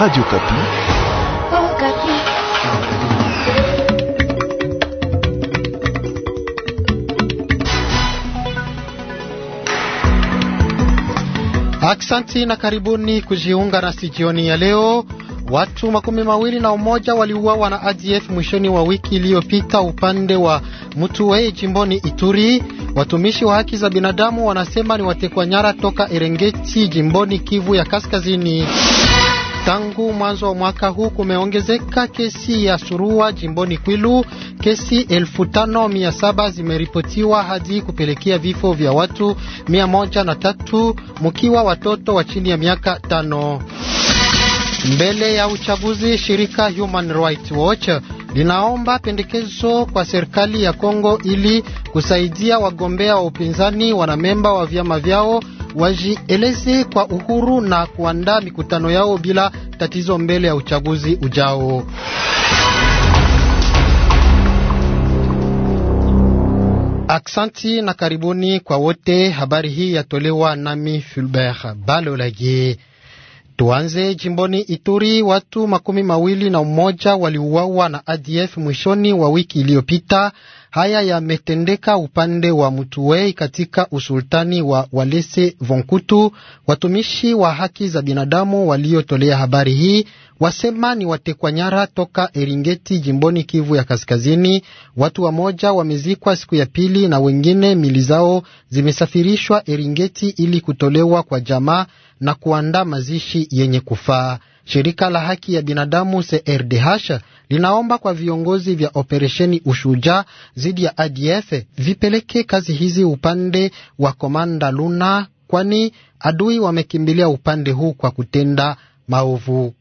Radio Kapi. Oh, Kapi. Aksanti na karibuni kujiunga na sijioni ya leo. Watu makumi mawili na umoja waliuawa na ADF mwishoni wa wiki iliyopita upande wa wei jimboni Ituri. Watumishi wa haki za binadamu wanasema ni watekwa nyara toka Erengeti jimboni Kivu ya Kaskazini. Tangu mwanzo wa mwaka huu kumeongezeka kesi ya surua jimboni Kwilu. Kesi 5700 zimeripotiwa hadi kupelekea vifo vya watu 103 mkiwa watoto wa chini ya miaka tano. Mbele ya uchaguzi, shirika Human Rights Watch linaomba pendekezo kwa serikali ya Kongo ili kusaidia wagombea wa upinzani wanamemba wa vyama vyao wajieleze kwa uhuru na kuandaa mikutano yao bila tatizo mbele ya uchaguzi ujao. Aksanti na karibuni kwa wote. Habari hii yatolewa nami Fulbert Balolage. Tuanze jimboni Ituri, watu makumi mawili na mmoja waliuawa na ADF mwishoni wa wiki iliyopita. Haya yametendeka upande wa Mutuwei katika usultani wa Walese Vonkutu. Watumishi wa haki za binadamu waliotolea habari hii wasema ni watekwa nyara toka Eringeti jimboni Kivu ya Kaskazini. Watu wamoja wamezikwa siku ya pili na wengine mili zao zimesafirishwa Eringeti ili kutolewa kwa jamaa na kuandaa mazishi yenye kufaa. Shirika la haki ya binadamu CRDH linaomba kwa viongozi vya operesheni Ushujaa dhidi ya ADF vipeleke kazi hizi upande wa Komanda Luna, kwani adui wamekimbilia upande huu kwa kutenda maovu.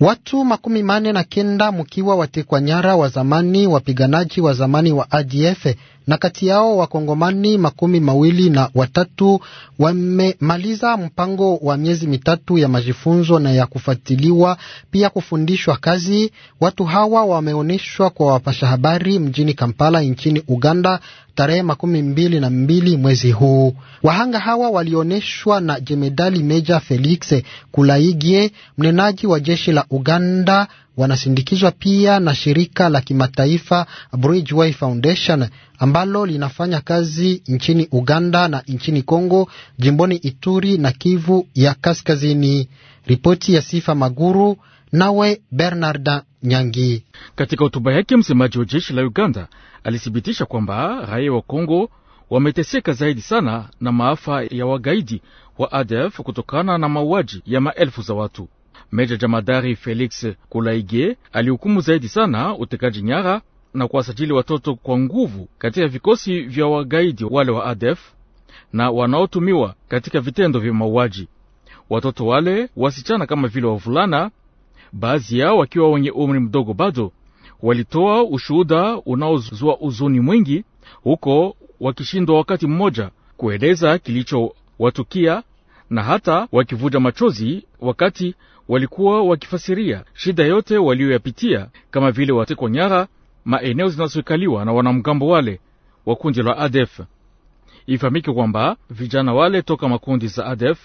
Watu makumi mane na kenda mkiwa watekwa nyara wa zamani wapiganaji wa zamani wa ADF na kati yao wakongomani makumi mawili na watatu wamemaliza mpango wa miezi mitatu ya majifunzo na ya kufuatiliwa pia kufundishwa kazi. Watu hawa wameonyeshwa kwa wapasha habari mjini Kampala nchini Uganda tarehe makumi mbili na mbili mwezi huu. Wahanga hawa walioneshwa na jemedali Meja Felix Kulaigie, mnenaji wa jeshi la Uganda. Wanasindikizwa pia na shirika la kimataifa Bridgeway Foundation ambalo linafanya kazi nchini Uganda na nchini congo jimboni Ituri na Kivu ya Kaskazini. Ripoti ya Sifa Maguru nawe Bernarda Nyangi. Katika hotuba yake, msemaji wa jeshi la Uganda alithibitisha kwamba raia wa Kongo wameteseka zaidi sana na maafa ya wagaidi wa ADF kutokana na mauaji ya maelfu za watu. Meja jamadari Felix Kulaige alihukumu zaidi sana utekaji nyara na kuwasajili watoto kwa nguvu katika vikosi vya wagaidi wale wa ADF na wanaotumiwa katika vitendo vya mauaji. Watoto wale wasichana kama vile wavulana baadhi yao wakiwa wenye umri mdogo bado. Walitoa ushuhuda unaozua uzuni mwingi, huko wakishindwa wakati mmoja kueleza kilichowatukia na hata wakivuja machozi wakati walikuwa wakifasiria shida yote walioyapitia, kama vile watekwa nyara, maeneo zinazoikaliwa na wanamgambo wale wa kundi la ADF. Ifahamike kwamba vijana wale toka makundi za ADF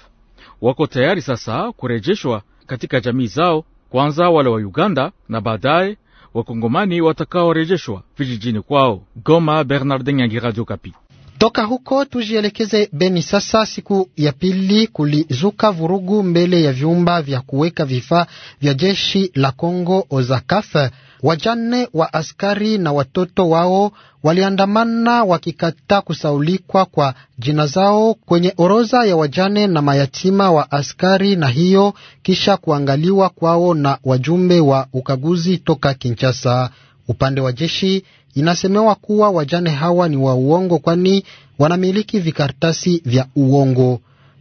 wako tayari sasa kurejeshwa katika jamii zao kwanza wale wa Uganda na baadaye wakongomani watakaorejeshwa vijijini kwao. Goma, Bernard Nyangi, Radio Kapi. Toka huko tujielekeze Beni sasa. Siku ya pili kulizuka vurugu mbele ya vyumba vya kuweka vifaa vya jeshi la congo OZAKAF Wajane wa askari na watoto wao waliandamana wakikata kusaulikwa kwa jina zao kwenye orodha ya wajane na mayatima wa askari, na hiyo kisha kuangaliwa kwao na wajumbe wa ukaguzi toka Kinshasa. Upande wa jeshi inasemewa kuwa wajane hawa ni wa uongo, kwani wanamiliki vikaratasi vya uongo.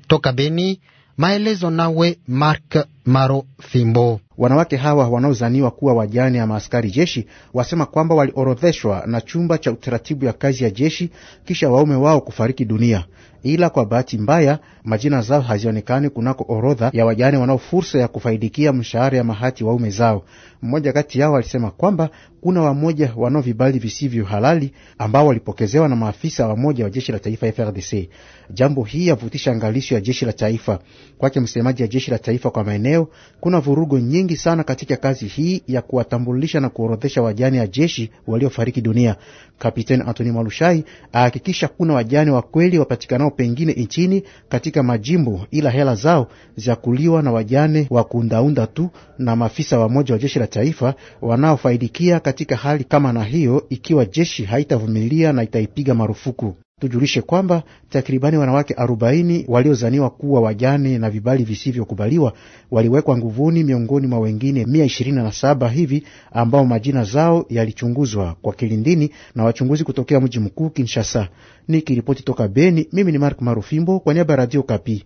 Toka Beni, maelezo nawe Mark Maro Fimbo. Wanawake hawa wanaozaniwa kuwa wajane ya maaskari jeshi wasema kwamba waliorodheshwa na chumba cha utaratibu ya kazi ya jeshi kisha waume wao kufariki dunia, ila kwa bahati mbaya majina zao hazionekani kunako orodha ya wajane wanao fursa ya kufaidikia mshahara ya mahati waume zao. Mmoja kati yao alisema kwamba kuna wamoja wanao vibali visivyo halali ambao walipokezewa na maafisa wamoja wa jeshi la taifa FRDC. Jambo hii yavutisha angalisho ya jeshi la taifa. Kwake msemaji ya jeshi la taifa kwa maeneo eneo kuna vurugo nyingi sana katika kazi hii ya kuwatambulisha na kuorodhesha wajane ya jeshi waliofariki dunia. Kapteni Antoni Malushai ahakikisha kuna wajane wa kweli wapatikanao pengine nchini katika majimbo, ila hela zao za kuliwa na wajane wa kuundaunda tu na maafisa wamoja wa jeshi la taifa wanaofaidikia katika hali kama na hiyo, ikiwa jeshi haitavumilia na itaipiga marufuku. Tujulishe kwamba takribani wanawake 40 waliozaniwa kuwa wajane na vibali visivyokubaliwa waliwekwa nguvuni miongoni mwa wengine 127 hivi ambao majina zao yalichunguzwa kwa kilindini na wachunguzi kutokea mji mkuu Kinshasa. ni kiripoti toka Beni, mimi ni Mark Marufimbo kwa niaba ya Radio Kapi.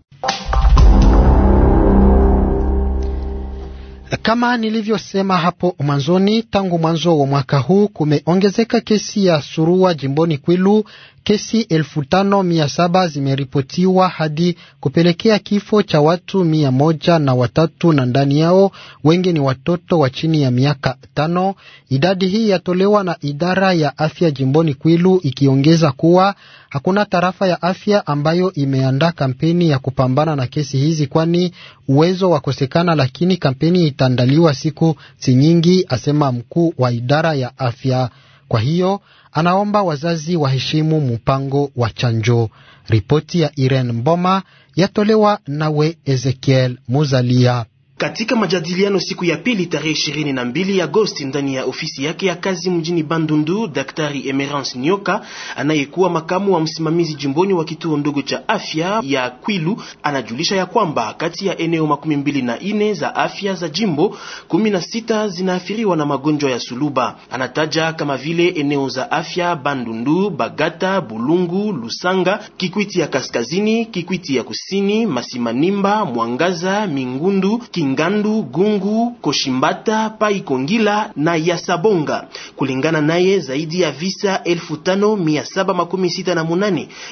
Kama nilivyosema hapo mwanzoni, tangu mwanzo wa mwaka huu kumeongezeka kesi ya surua jimboni Kwilu kesi elfu tano mia saba zimeripotiwa hadi kupelekea kifo cha watu mia moja na watatu na ndani yao wengi ni watoto wa chini ya miaka tano. Idadi hii yatolewa na idara ya afya jimboni Kwilu, ikiongeza kuwa hakuna tarafa ya afya ambayo imeandaa kampeni ya kupambana na kesi hizi, kwani uwezo wakosekana, lakini kampeni itaandaliwa siku si nyingi, asema mkuu wa idara ya afya. Kwa hiyo anaomba wazazi waheshimu mpango wa chanjo. Ripoti ya Irene Mboma yatolewa nawe Ezekiel Muzalia. Katika majadiliano siku ya pili tarehe 22 Agosti ndani ya ofisi yake ya kazi mjini Bandundu, Daktari Emerance Nyoka anayekuwa makamu wa msimamizi jimboni wa kituo ndogo cha afya ya Kwilu anajulisha ya kwamba kati ya eneo makumi mbili na ine za afya za jimbo kumi na sita zinaathiriwa na magonjwa ya suluba. Anataja kama vile eneo za afya Bandundu, Bagata, Bulungu, Lusanga, Kikwiti ya kaskazini, Kikwiti ya kusini, Masimanimba, Mwangaza, Mingundu, King Kingandu, Gungu, Koshimbata, Pai Kongila na Yasabonga. Kulingana naye zaidi ya visa elfu na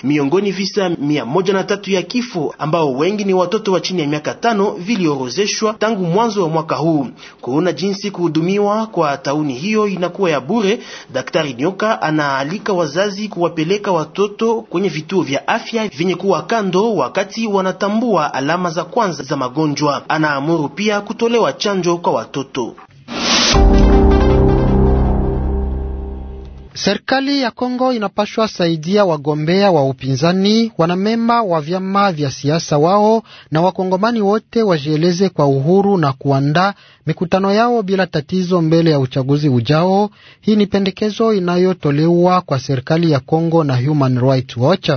miongoni visa mia ya kifo ambao wengi ni watoto wa chini ya miaka tano viliorozeshwa tangu mwanzo wa mwaka huu. Kuona jinsi kuhudumiwa kwa tauni hiyo inakuwa ya bure, Daktari Nyoka anaalika wazazi kuwapeleka watoto kwenye vituo vya afya vyenye kuwa kando wakati wanatambua alama za kwanza za magonjwa. Anaamuru au pia kutolewa chanjo kwa watoto. Serikali ya Kongo inapashwa saidia wagombea wa upinzani, wanamemba wa vyama vya siasa wao na wakongomani wote wajieleze kwa uhuru na kuandaa mikutano yao bila tatizo mbele ya uchaguzi ujao. Hii ni pendekezo inayotolewa kwa serikali ya Kongo na Human Rights Watch.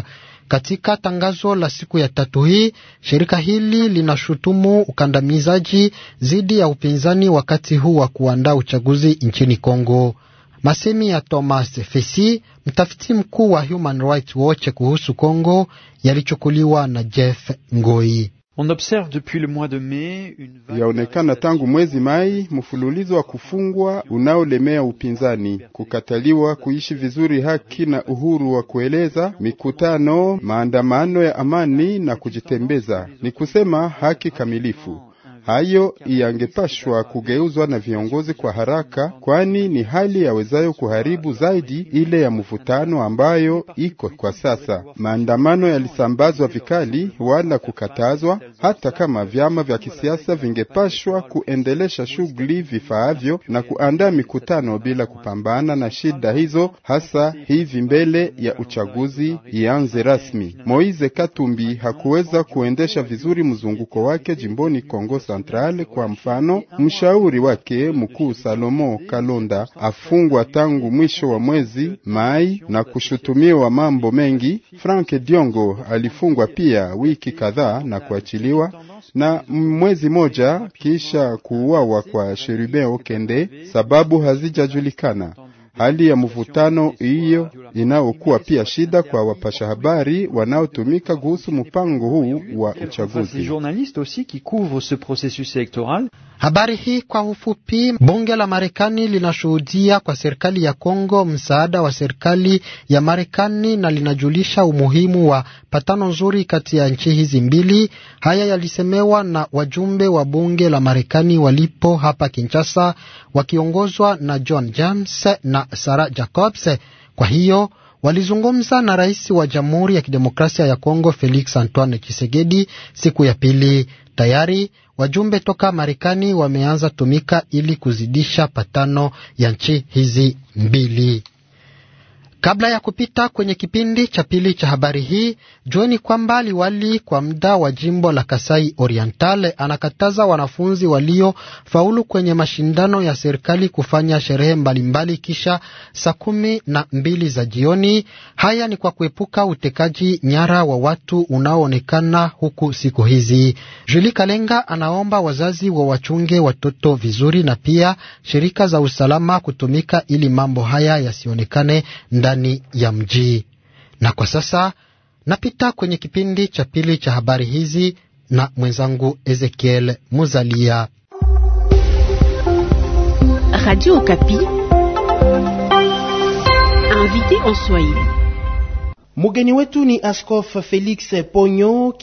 Katika tangazo la siku ya tatu hii, shirika hili linashutumu ukandamizaji dhidi ya upinzani wakati huu wa kuandaa uchaguzi nchini Kongo. Masemi ya Thomas Fesi, mtafiti mkuu wa Human Rights Watch kuhusu Kongo, yalichukuliwa na Jeff Ngoi. Yaonekana tangu mwezi Mai mfululizo wa kufungwa unaolemea upinzani, kukataliwa kuishi vizuri haki na uhuru wa kueleza, mikutano, maandamano ya amani na kujitembeza, ni kusema haki kamilifu. Hayo yangepashwa kugeuzwa na viongozi kwa haraka, kwani ni hali yawezayo kuharibu zaidi ile ya mvutano ambayo iko kwa sasa. Maandamano yalisambazwa vikali wala kukatazwa, hata kama vyama vya kisiasa vingepashwa kuendelesha shughuli vifaavyo na kuandaa mikutano bila kupambana na shida hizo, hasa hivi mbele ya uchaguzi ianze rasmi. Moize Katumbi hakuweza kuendesha vizuri mzunguko wake jimboni Kongo Centrale Kwa mfano, mshauri wake mkuu Salomo Kalonda afungwa tangu mwisho wa mwezi Mai na kushutumiwa mambo mengi. Frank Diongo alifungwa pia wiki kadhaa na kuachiliwa na mwezi moja kisha kuuawa kwa Sherubin Okende, sababu hazijajulikana hali ya mvutano hiyo inaokuwa pia shida kwa wapasha habari wanaotumika kuhusu mpango huu wa uchaguzi. Habari hii kwa ufupi. Bunge la Marekani linashuhudia kwa serikali ya Kongo msaada wa serikali ya Marekani na linajulisha umuhimu wa patano nzuri kati ya nchi hizi mbili. Haya yalisemewa na wajumbe wa bunge la Marekani walipo hapa Kinshasa wakiongozwa na John James na Sara Jacobs. Kwa hiyo walizungumza na rais wa Jamhuri ya Kidemokrasia ya Kongo Felix Antoine chisekedi siku ya pili. Tayari wajumbe toka Marekani wameanza tumika ili kuzidisha patano ya nchi hizi mbili. Kabla ya kupita kwenye kipindi cha pili cha habari hii, jueni kwamba liwali kwa muda wa jimbo la Kasai Oriental anakataza wanafunzi waliofaulu kwenye mashindano ya serikali kufanya sherehe mbalimbali kisha saa kumi na mbili za jioni. Haya ni kwa kuepuka utekaji nyara wa watu unaoonekana huku siku hizi. Juli Kalenga anaomba wazazi wa wachunge watoto vizuri na pia shirika za usalama kutumika ili mambo haya yasionekane nda ndani ya mji. Na kwa sasa napita kwenye kipindi cha pili cha habari hizi na mwenzangu Ezekiel Muzalia, Radio Okapi, invité en Swahili. Mgeni wetu ni Askof Felix Ponyo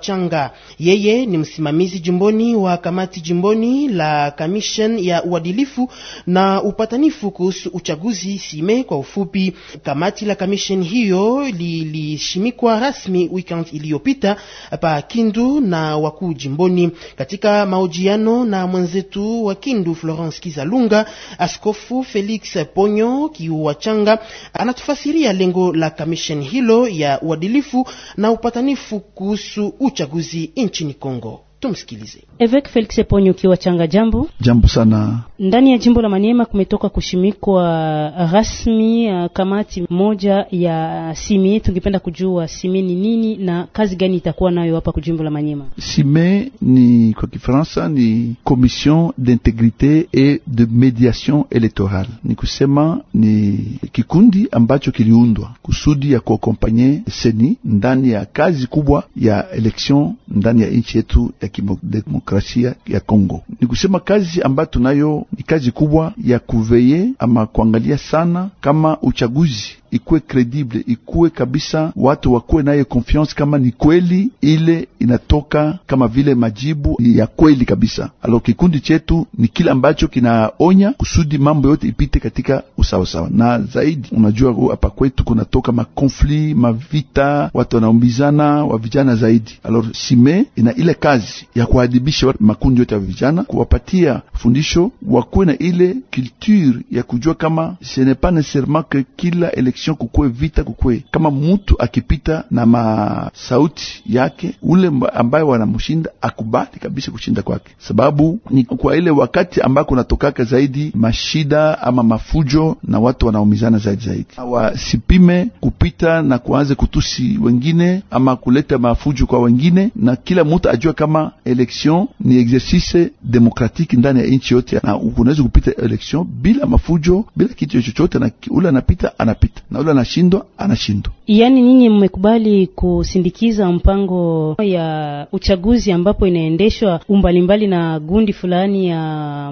changa Yeye ni msimamizi jimboni wa kamati jimboni la Commission ya uadilifu na upatanifu kuhusu uchaguzi sime kwa ufupi. Kamati la commission hiyo lilishimikwa rasmi weekend iliyopita pa Kindu na wakuu jimboni. Katika mahojiano na mwenzetu wa Kindu Florence Kizalunga, Askofu Felix Ponyo Changa anatufasiria lengo la commission hiyo hilo ya uadilifu na upatanifu kuhusu uchaguzi nchini Kongo tumsikilize. Evek Felix Eponyo ukiwa changa, jambo jambo sana. Ndani ya jimbo la Maniema kumetoka kushimikwa uh, rasmi uh, kamati moja ya uh, sime. Tungependa kujua sime ni nini na kazi gani itakuwa nayo hapa jimbo la Maniema. Sime ni kwa Kifaransa ni Commission d'integrite et de mediation electorale, ni kusema ni kikundi ambacho kiliundwa kusudi ya kuakompanye seni ndani ya kazi kubwa ya election ndani ya nchi yetu ya kidemokrasia ya Kongo. Ni kusema kazi ambayo tunayo ni kazi kubwa ya kuveye ama kuangalia sana kama uchaguzi ikuwe kredible, ikuwe kabisa, watu wakuwe naye konfiance kama ni kweli ile inatoka kama vile majibu ya kweli kabisa. Alo, kikundi chetu ni kile ambacho kinaonya kusudi mambo yote ipite katika usawasawa na zaidi. Unajua hapa kwetu kunatoka makonfli mavita, watu wanaumbizana, wa vijana zaidi. Alo, sime ina ile kazi jinsi ya kuadhibisha makundi yote ya vijana, kuwapatia fundisho wakuwe na ile culture ya kujua kama ce n'est pas necessairement que kila election kukue vita kukwe kama mtu akipita na masauti yake ule ambaye wanamshinda akubali kabisa kushinda kwake, sababu ni kwa ile wakati ambako natokaka zaidi mashida ama mafujo na watu wanaumizana zaidi zaidi. Wasipime kupita na kuanze kutusi wengine ama kuleta mafujo kwa wengine, na kila mtu ajua kama hakuna election ni exercice demokratiki ndani ya nchi yote, na unaweza kupita election bila mafujo, bila kitu chochote, na ule anapita anapita na ule anashindwa anashindwa. Yani nyinyi mmekubali kusindikiza mpango ya uchaguzi ambapo inaendeshwa umbalimbali na gundi fulani ya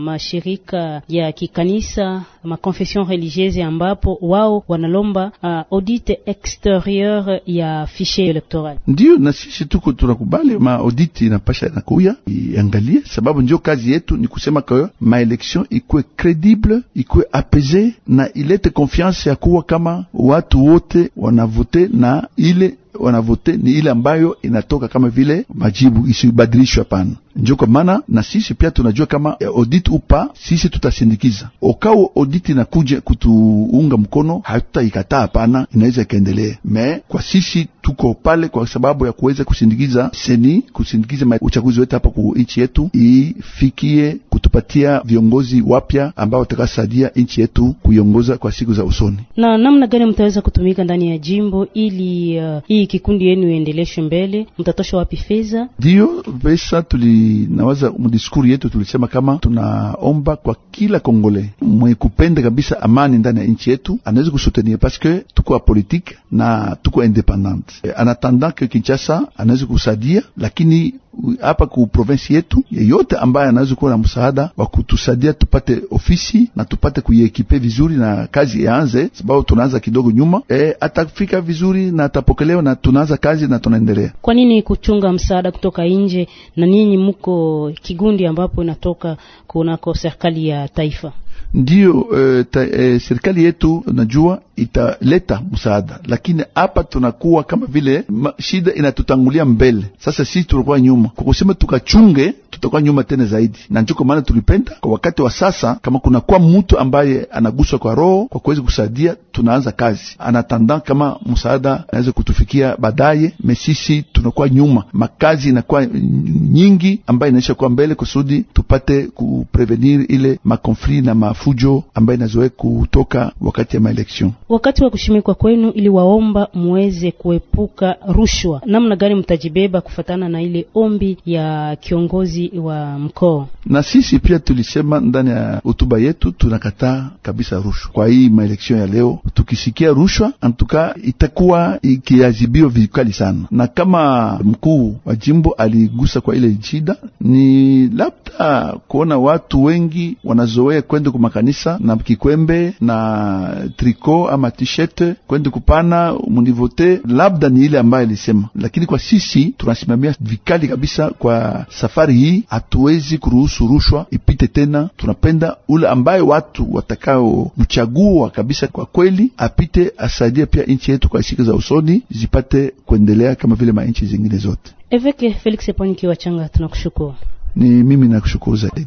mashirika ya kikanisa confession religieuse, ambapo wao wanalomba uh, audit extérieur ya fichier électoral. Ndio na sisi tuko tunakubali ma audit inapasha adversaire na iangalie, sababu ndio kazi yetu ni kusema kwa maeleksio ikuwe kredible, ikuwe apese na ilete konfiance ya kuwa kama watu wote wanavote na ile wanavote ni ile ambayo inatoka kama vile majibu isibadilishwe. Hapana, ndio kwa maana na sisi pia tunajua kama eh, audit upa, sisi tutasindikiza okao audit inakuja kutuunga mkono, hatutaikataa hapana, inaweza ikaendelea me kwa sisi tuko pale kwa sababu ya kuweza kusindikiza seni kusindikiza uchaguzi wetu hapa ku nchi yetu ifikie kutupatia viongozi wapya ambao watakasaidia nchi yetu kuiongoza kwa siku za usoni. Na namna gani mtaweza kutumika ndani ya jimbo ili uh, hii kikundi yenu iendeleshwe mbele, mtatosha wapi fedha? Ndio pesa tulinawaza, mdiskuri yetu tulisema kama tunaomba kwa kila Kongole mwenye kupenda kabisa amani ndani ya nchi yetu anaweza kusutenir, paske tuko politique na tuko independante. Eh, en attendant que Kinshasa anaweza kusadia, lakini hapa ku provinsi yetu, yeyote ambaye anaweza kuwa na msaada wa kutusaidia tupate ofisi na tupate kuiekipe vizuri na kazi ianze, sababu tunaanza kidogo nyuma. E, atafika vizuri na atapokelewa na tunaanza kazi na tunaendelea. Kwa nini kuchunga msaada kutoka nje, na ninyi mko kigundi ambapo inatoka kunako serikali ya taifa? ndio e, e, serikali yetu najua italeta msaada, lakini hapa tunakuwa kama vile ma, shida inatutangulia mbele. Sasa sisi tulikuwa nyuma, kwa kusema tukachunge, tutakuwa nyuma tena zaidi, na kwa maana tulipenda kwa wakati wa sasa. Kama kunakuwa mtu ambaye anaguswa kwa roho kwa kuweza kusaidia, tunaanza kazi, anatanda kama msaada anaweza kutufikia baadaye. Mesisi tunakuwa nyuma, makazi inakuwa nyingi ambayo inaisha kuwa mbele, kusudi tupate kuprevenir ile makonfli na mafu fujo ambayo inazoe kutoka wakati ya maelection. Wakati wa kushimikwa kwenu, ili waomba muweze kuepuka rushwa, namna gani mtajibeba kufatana na ile ombi ya kiongozi wa mkoa? Na sisi pia tulisema ndani ya hotuba yetu, tunakataa kabisa rushwa kwa hii maelection ya leo. Tukisikia rushwa antuka itakuwa ikiadhibiwa vikali sana, na kama mkuu wa jimbo aligusa kwa ile jida, ni labda kuona watu wengi wanazoea kwenda makanisa na kikwembe na triko ama t-shirt kwende kupana munivote, labda ni ile ambayo alisema. Lakini kwa sisi tunasimamia vikali kabisa, kwa safari hii hatuwezi kuruhusu rushwa ipite tena. Tunapenda ule ambaye watu watakao mchagua kabisa kwa kweli apite, asaidie pia nchi yetu kwa siku za usoni zipate kuendelea kama vile manchi zingine zote. Eveke Felix Ponki wa Changa, tunakushukuru. Ni mimi nakushukuru zaidi.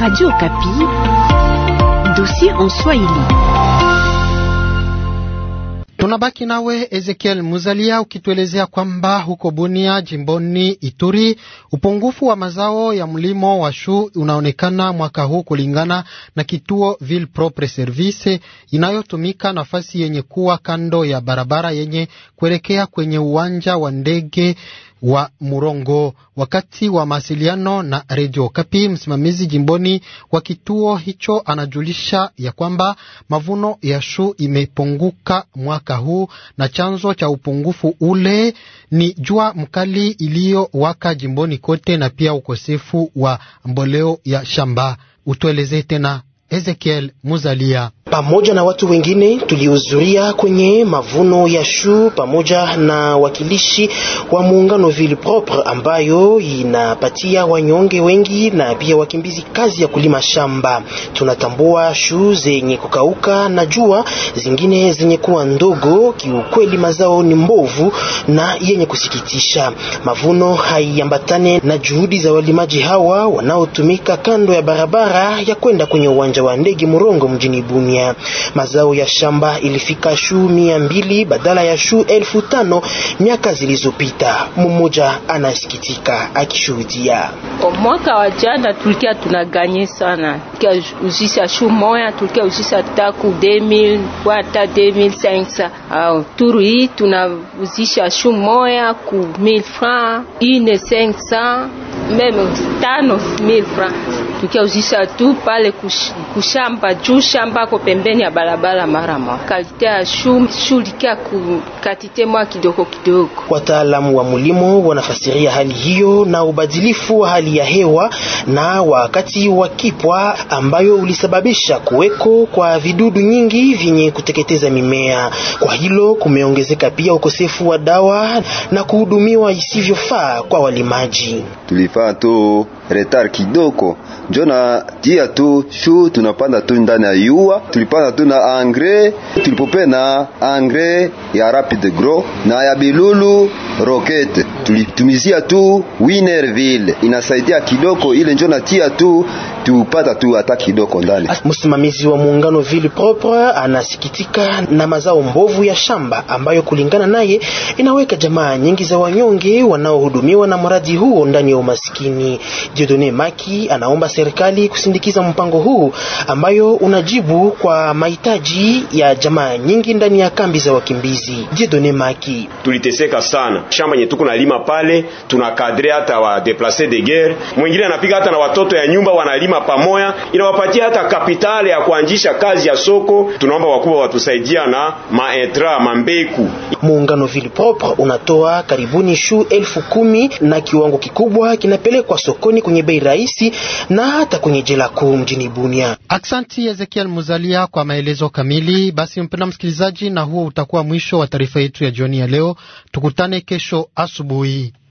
Radio Kapi. Dossier en Swahili. Tunabaki nawe Ezekiel Muzalia ukituelezea kwamba huko Bunia jimboni Ituri upungufu wa mazao ya mlimo wa shu unaonekana mwaka huu kulingana na kituo Ville Propre Service inayotumika nafasi yenye kuwa kando ya barabara yenye kuelekea kwenye uwanja wa ndege wa Murongo. Wakati wa mawasiliano na redio Kapi, msimamizi jimboni wa kituo hicho anajulisha ya kwamba mavuno ya shu imepunguka mwaka huu, na chanzo cha upungufu ule ni jua mkali iliyowaka jimboni kote na pia ukosefu wa mboleo ya shamba. Utueleze tena, Ezekiel Muzalia pamoja na watu wengine tulihudhuria kwenye mavuno ya shu pamoja na wakilishi wa muungano Ville Propre ambayo inapatia wanyonge wengi na pia wakimbizi kazi ya kulima shamba. Tunatambua shu zenye kukauka na jua, zingine zenye kuwa ndogo. Kiukweli mazao ni mbovu na yenye kusikitisha. Mavuno haiambatane na juhudi za walimaji hawa wanaotumika kando ya barabara ya kwenda kwenye uwanja wa ndege Murongo mjini Bunia. Tanzania. Mazao ya shamba ilifika shu mia mbili badala ya shu elfu tano miaka zilizopita. Mmoja anasikitika akishuhudia: kwa mwaka wa jana tulikia tunaganye sana, uzisa shu moya tulikia uzisa taku 2000 hata 2500 au turu hii tunauzisha shu moya ku 1000 francs ine 500 meme tano 1000 francs uzisha tu pale kushamba juu shamba ko pembeni ya barabara mara moja. Kalite ya shuli kia kukatite mwa kidogo kidogo. Wataalamu wa mulimo wanafasiria hali hiyo na ubadilifu wa hali ya hewa na wakati wa kipwa ambayo ulisababisha kuweko kwa vidudu nyingi vyenye kuteketeza mimea. Kwa hilo kumeongezeka pia ukosefu wa dawa na kuhudumiwa isivyofaa kwa walimaji. Tulifaa tu retar kidogo njo na jia tu shu tunapanda tu ndani ya yua, tulipanda tu na angre, tulipope na angre ya rapid grow na ya bilulu rokete tulitumizia tu Winnerville, inasaidia kidogo, ile njo natia tu tupata tu hata kidogo ndani. Msimamizi wa muungano Ville Propre anasikitika na mazao mbovu ya shamba ambayo kulingana naye inaweka jamaa nyingi za wanyonge wanaohudumiwa na mradi huo ndani ya umaskini. Dieudonne Maki anaomba serikali kusindikiza mpango huu ambayo unajibu kwa mahitaji ya jamaa nyingi ndani ya kambi za wakimbizi. Dieudonne Maki: tuliteseka sana, shamba yetu tuko nalima pale, tunakadre hata wa deplace de guerre, mwingine anapiga hata na watoto ya nyumba wanalima pamoya, inawapatia hata kapitale ya kuanzisha kazi ya soko. Tunaomba wakubwa watusaidia na maetra mambeku. Muungano Ville Propre unatoa karibuni shu elfu kumi na kiwango kikubwa kinapelekwa sokoni kwenye bei rahisi na hata kwenye jela kuu mjini Bunia. Aksanti Ezekiel Muzalia kwa maelezo kamili. Basi mpenda msikilizaji, na huo utakuwa mwisho wa taarifa yetu ya jioni ya leo. Tukutane kesho asubuhi. we